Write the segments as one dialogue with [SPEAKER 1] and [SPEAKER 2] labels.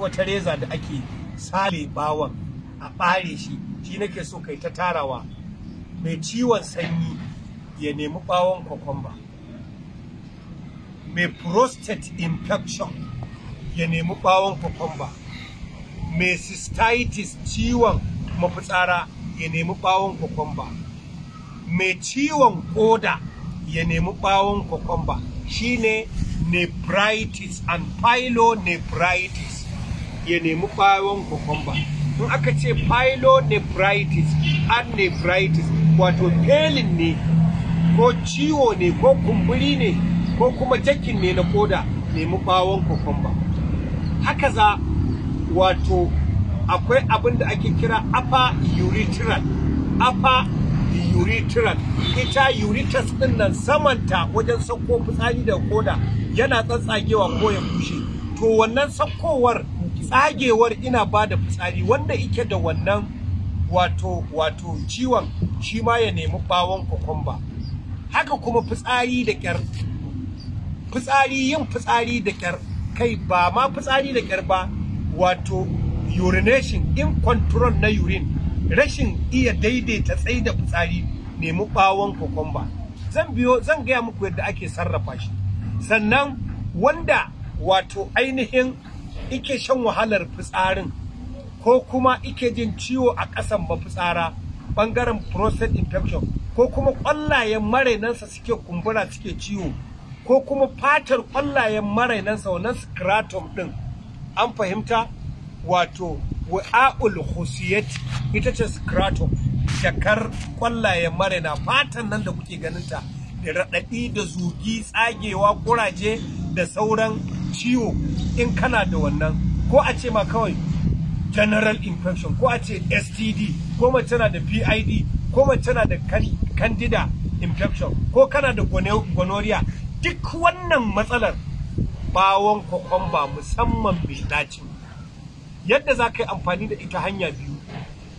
[SPEAKER 1] wata reza da ake sale bawon a ɓare shi shi nake so kai ta tarawa mai ciwon sanyi ya nemi bawon kwakwamba mai prostate infection ya nemi bawon kwakwamba mai cystitis ciwon mafitsara ya nemi bawon kwakwamba mai ciwon koda ya nemi bawon kwakwamba shine nephritis and pylonephritis ya nemi ɓawon cucumber in aka ce pylonephritis and nephritis wato pelin ne ko ciwo ne ko kumburi ne ko kuma jakin ne na koda nemi ɓawon cucumber haka za wato akwai abin da ake kira apa urethral apa urethral ita urethras din nan samanta wajen sauko fitsari da koda yana tsatsagewa ko ya kushe to wannan saukowar tsagewar ina ba da fitsari wanda ike da wannan wato wato ciwon shi ma ya nemi bawon kokomba haka kuma fitsari da kyar fitsari yin fitsari da kyar kai ba ma fitsari da kyar ba wato urination in control na urine rashin iya daidaita tsayi da fitsari nemi bawon kokomba zan biyo zan gaya muku yadda ake sarrafa shi sannan wanda wato ainihin ike shan wahalar fitsarin ko kuma ike jin ciwo a ƙasan mafitsara ɓangaren prostate infection ko kuma ƙwallayen marainansa suke kumbura suke ciwo ko kuma fatar ƙwallayen marainansa wannan scratum ɗin an fahimta wato wa'a'ul khusiyat ita ce scratum shakar ƙwallayen maraina fatan nan da kuke ganinta da raɗaɗi da zugi tsagewa kuraje da sauran ciwo in kana da wannan ko a ce ma kawai general infection ko a ce std ko mace na da pid ko mace na da candida infection ko kana da gonorrhea duk wannan matsalar bawon kwakwamba musamman mai ɗaci yadda za ka yi amfani da ita hanya biyu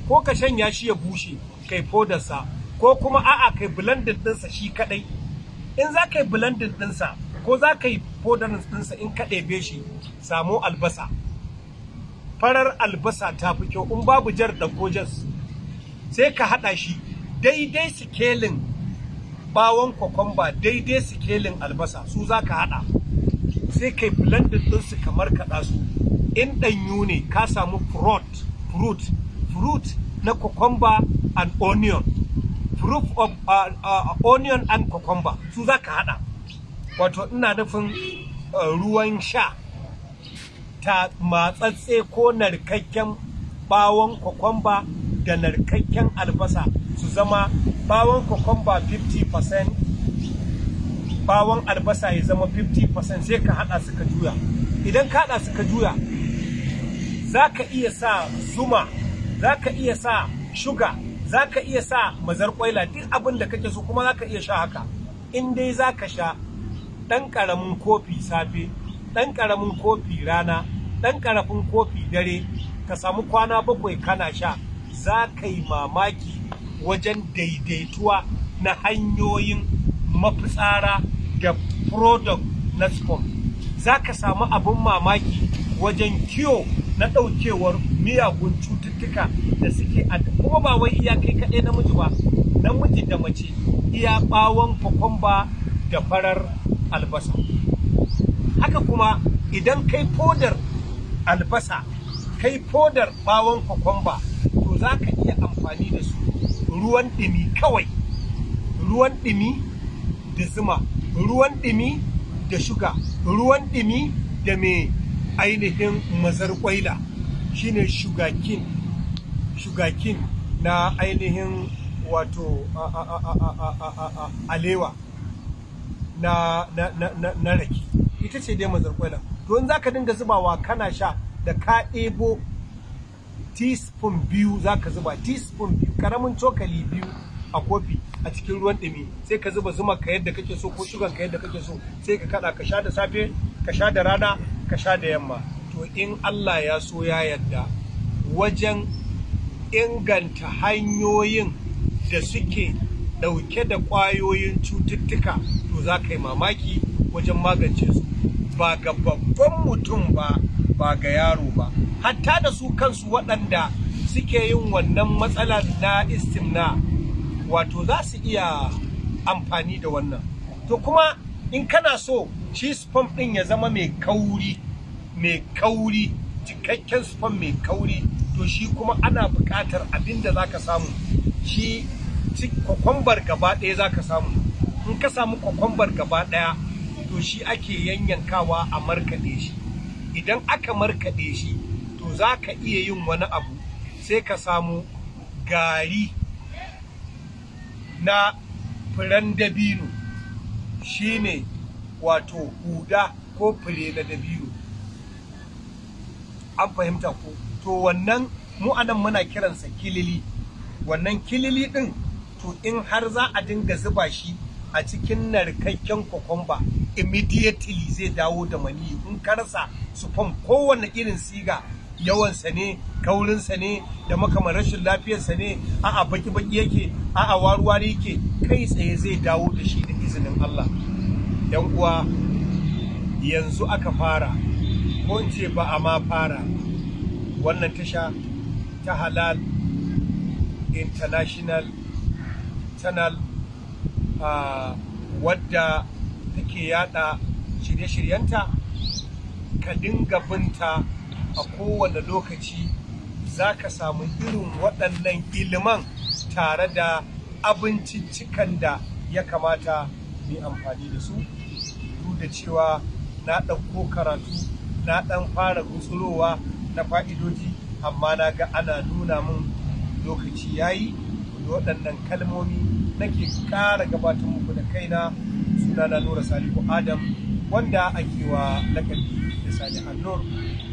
[SPEAKER 1] ko ka shanya shi ya bushe kai fodarsa ko kuma a'a kai blended ɗinsa shi kaɗai in za ka yi blended ɗinsa ko za ka yi preponderance ɗinsa in ka ɗebe shi samu albasa farar albasa ta fi kyau in babu jar da kojas. sai ka haɗa shi daidai sikelin bawon kwakwamba daidai sikelin albasa su za ka haɗa sai kai blended ɗinsu kamar kaɗa su in ɗanyu ne ka samu fruit fruit fruit na cucumber and onion proof of uh, uh, onion and cucumber su za ka haɗa wato ina nufin eh, ruwan sha ta matsatse ko narkakken bawon kwakwamba da narkakken albasa su zama bawon kwakwamba 50% bawon albasa ya zama 50% sai ka hada suka juya idan ka hada suka juya za ka iya sa zuma za ka iya sa shuga za ka iya sa mazarkwaila duk abin da kake so kuma za ka iya sha haka in dai za ka sha ɗan ƙaramin kofi safe ɗan ƙaramin kofi rana ɗan ƙarafin kofi dare ka samu kwana bakwai kana sha za ka yi mamaki wajen daidaituwa na hanyoyin mafitsara da product na sperm za ka samu abin mamaki wajen kiyo na ɗaukewar miyagun cututtuka da suke a kuma ba wai iya kai kaɗai namiji ba namiji da mace iya ɓawon kwakwamba da farar albasa haka kuma idan kai fodar albasa kai fodar bawon kwakwamba to za ka iya amfani da su ruwan ɗumi kawai ruwan ɗumi da zuma ruwan ɗumi da shuga ruwan ɗumi da mai ainihin mazarkwaila shine shugakin shugakin na ainihin wato alewa na na na na, na rake ita ce dai mazarkwaila to in zaka dinga zubawa kana sha da ka ebo teaspoon biyu zaka zuba teaspoon biyu karamin cokali biyu a kofi a cikin ruwan ɗumi sai ka zuba zuma ka yadda kake so ko shugan ka yadda kake so sai ka kada ka sha da safe ka sha da rana ka sha da yamma to in Allah ya so ya yadda wajen inganta hanyoyin da suke ɗauke da ƙwayoyin cututtuka to za ka yi mamaki wajen magance su ba ga babban mutum ba ba ga yaro ba hatta da su kansu waɗanda suke yin wannan matsalar na istimna wato za su iya amfani da wannan to kuma in kana so shi sperm ɗin ya zama mai kauri mai kauri cikakken sperm mai kauri to shi kuma ana buƙatar abin da za ka samu shi kwambar gaba ɗaya za ka samu in ka samu kokombar gaba ɗaya to shi ake yanyankawa a markaɗe shi idan aka markaɗe shi to za ka iya yin wani abu sai ka samu gari na furen dabino shine wato huda ko fure na dabino an fahimta ko to wannan mu anan muna kiransa kilili wannan kilili din, to in har za a dinga zuba shi a cikin narkakken kokomba immediately zai dawo da mani in ka rasa su fam kowane irin siga yawansa ne kaurinsa ne da makamar rashin lafiyarsa ne a'a baki baki yake a'a waruwa ne yake kai tsaye zai dawo da shi da izinin Allah yan uwa yanzu aka fara ko in ce ba a ma fara wannan tasha ta halal international channel wadda take yada shirye-shiryenta ka dinga binta a kowane lokaci za ka samu irin waɗannan iliman tare da abinciccikan da ya kamata mai amfani da su duk da cewa na ɗauko karatu na ɗan fara gutsurowa na fa'idoji amma na ga ana nuna min lokaci yayi da waɗannan kalmomi nake kara gabatar muku da kaina sunana Nura Salihu Adam wanda ake wa lakabi da Sani Annur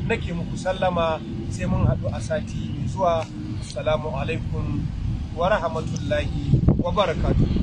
[SPEAKER 1] nake muku sallama sai mun haɗu a sati mai zuwa assalamu alaikum wa rahmatullahi wa barakatuh